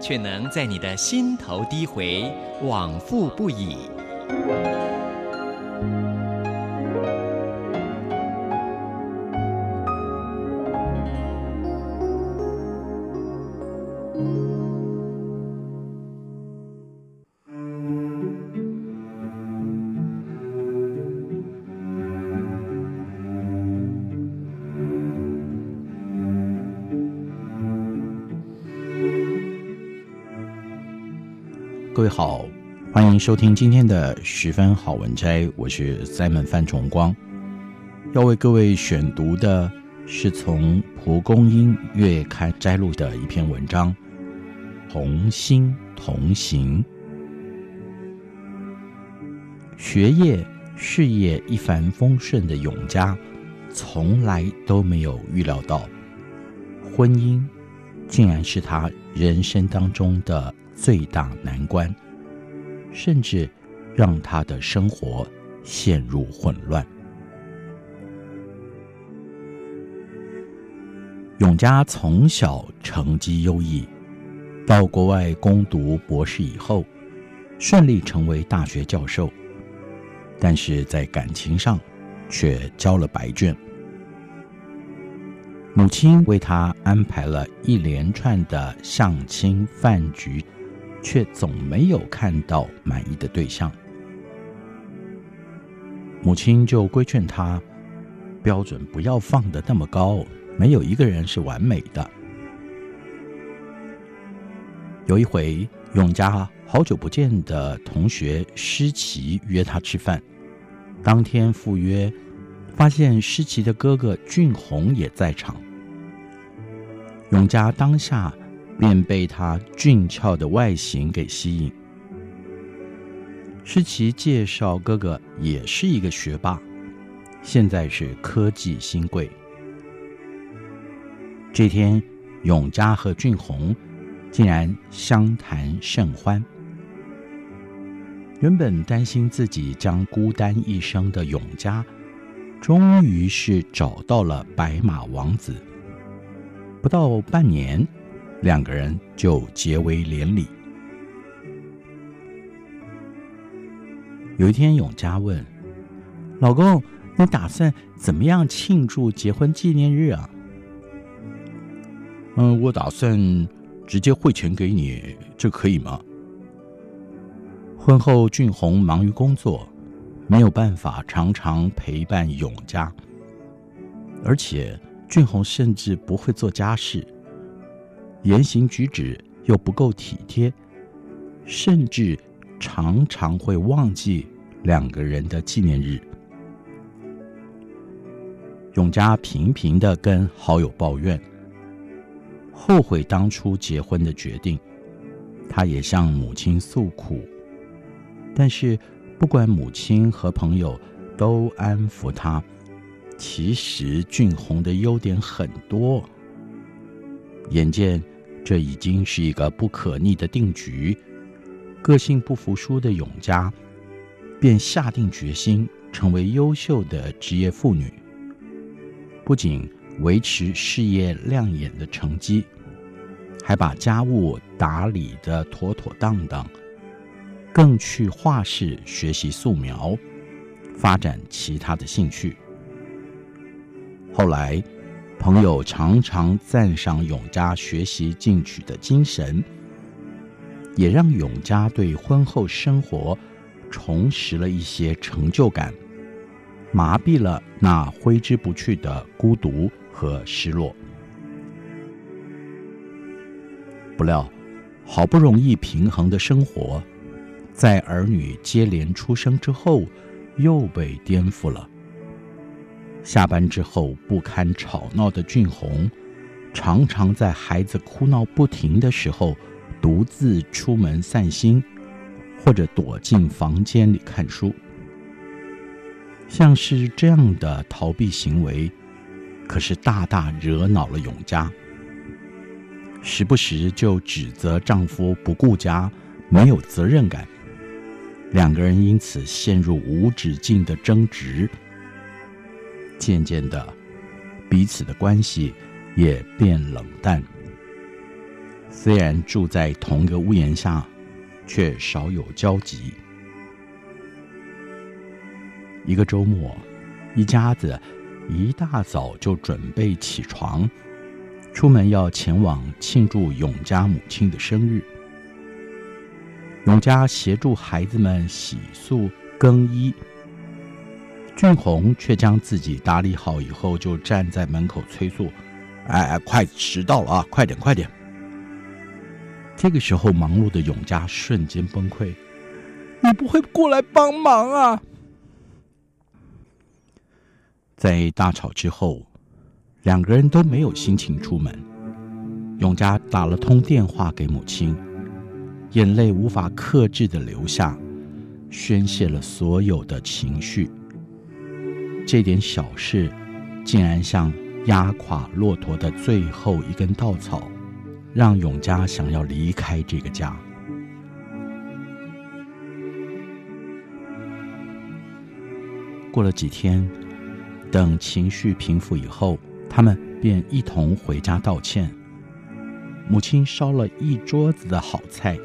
卻能在你的心頭低回，往復不已。各位好，歡迎收聽今天的十分好文摘，我是塞門范崇光。要為各位選讀的是從《蒲公英月刊》摘錄的一篇文章，《同心同行》。學業事業一帆風順的永嘉，從來都沒有預料到，婚姻，竟然是他人生當中的最大難關，甚至讓他的生活陷入混亂。永嘉從小成績優異，到國外攻讀博士以後，順利成為大學教授，但是在感情上却交了白卷。母親為他安排了一連串的相親飯局。卻總沒有看到滿意的對象，母親就規勸他，標準不要放得那麼高，沒有一個人是完美的。有一回，永嘉好久不見的同學詩琪約他吃飯，當天赴約，發現詩琪的哥哥俊宏也在場，永嘉當下。便被他俊俏的外形給吸引。詩琪介紹哥哥也是一個學霸，現在是科技新貴。這天，永嘉和俊宏竟然相談甚歡。原本擔心自己將孤單一生的永嘉，終於是找到了白馬王子。不到半年，兩個人就結為連理。有一天，永嘉問：“老公，你打算怎麼樣慶祝結婚紀念日啊？”“嗯，我打算直接匯錢給你，就可以嗎？”婚後，俊宏忙於工作，沒有辦法常常陪伴永嘉，而且俊宏甚至不會做家事。言行舉止又不夠體貼，甚至常常會忘記兩個人的紀念日。永嘉頻頻地跟好友抱怨，後悔當初結婚的決定。他也向母親訴苦，但是不管母親和朋友都安撫他。其實俊宏的優點很多，眼見。這已經是一個不可逆的定局。個性不服輸的永嘉，便下定決心成為優秀的職業婦女。不僅維持事業亮眼的成績，還把家務打理得妥妥當當，更去畫室學習素描，發展其他的興趣。後來。朋友常常讚賞永嘉學習進取的精神，也讓永嘉對婚後生活重拾了一些成就感，麻痹了那揮之不去的孤獨和失落。不料，好不容易平衡的生活，在兒女接連出生之後，又被顛覆了。下班之後不堪吵鬧的俊宏，常常在孩子哭鬧不停的時候，獨自出門散心，或者躲進房間裡看書。像是這樣的逃避行為，可是大大惹惱了永嘉，時不時就指責丈夫不顧家，沒有責任感，兩個人因此陷入無止境的爭執。漸漸的，彼此的關係也變冷淡。雖然住在同一個屋檐下，卻少有交集。一個周末，一家子一大早就準備起床，出門要前往慶祝永嘉母親的生日。永嘉協助孩子們洗漱更衣。俊宏卻將自己打理好以後，就站在門口催促：“哎，哎，快遲到了啊，快點，快點！”這個時候，忙碌的永佳瞬間崩潰：“你不會過來幫忙啊？”在大吵之後，兩個人都沒有心情出門。永佳打了通電話給母親，眼淚無法克制地流下，宣洩了所有的情緒。這點小事，竟然像壓垮駱駝的最後一根稻草，讓永嘉想要離開這個家。過了幾天，等情緒平復以後，他們便一同回家道歉。母親燒了一桌子的好菜，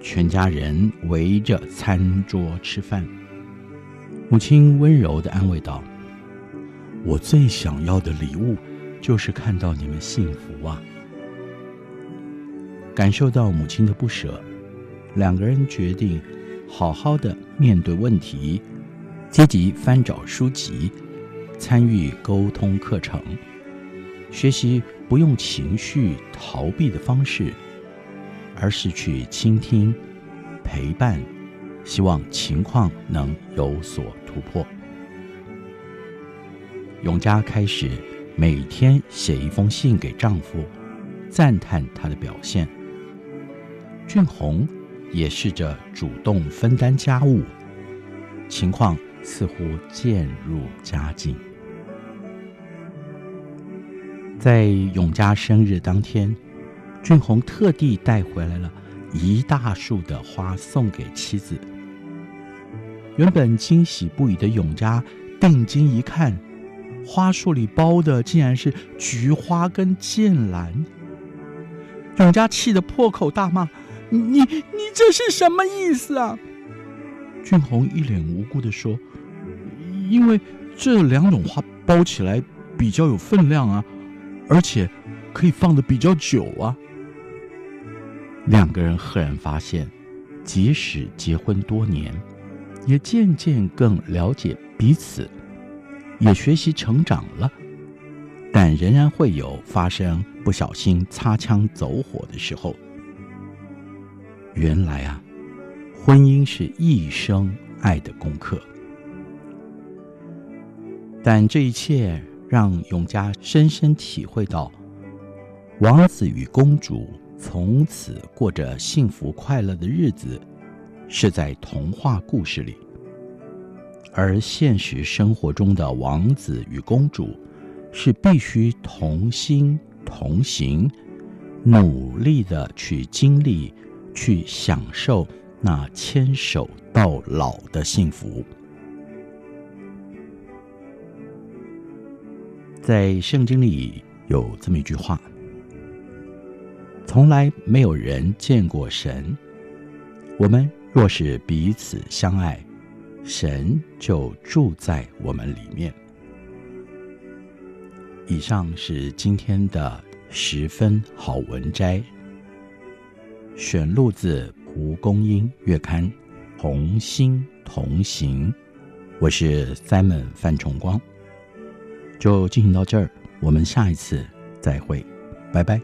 全家人圍着餐桌吃飯。母親溫柔的安慰道：“我最想要的禮物，就是看到你們幸福啊！”感受到母親的不捨，兩個人決定好好的面對問題，積極翻找書籍，參與溝通課程，學習不用情緒逃避的方式，而是去傾聽、陪伴，希望情況能有所……琥珀永嘉開始每天寫一封信給丈夫，讚嘆他的表現。俊宏也試着主動分擔家務，情況似乎漸入佳境。在永嘉生日當天，俊宏特地帶回來了一大束的花送給妻子。原本驚喜不已的永嘉，定睛一看，花束裡包的竟然是菊花跟劍蘭。永嘉氣得破口大罵：“你你這是什麼意思啊？”俊宏一臉無辜地說：“因為這兩種花包起來比較有分量啊，而且可以放得比較久啊。”兩個人赫然發現，即使結婚多年，也漸漸更了解彼此，也學習成長了，但仍然會有發生不小心擦槍走火的時候。原來啊，婚姻是一生愛的功課。但這一切讓永嘉深深體會到，王子與公主從此過着幸福快樂的日子。是在童話故事裡，而現實生活中的王子與公主，是必須同心同行，努力的去經歷、去享受那牽手到老的幸福。在聖經裡有這麼一句話：“從來沒有人見過神，”我們。若是彼此相愛，神就住在我們裡面。以上是今天的十分好文摘，選錄自《蒲公英月刊》，同心同行。我是 Simon 范崇光，就進行到這兒，我們下一次再會，拜拜。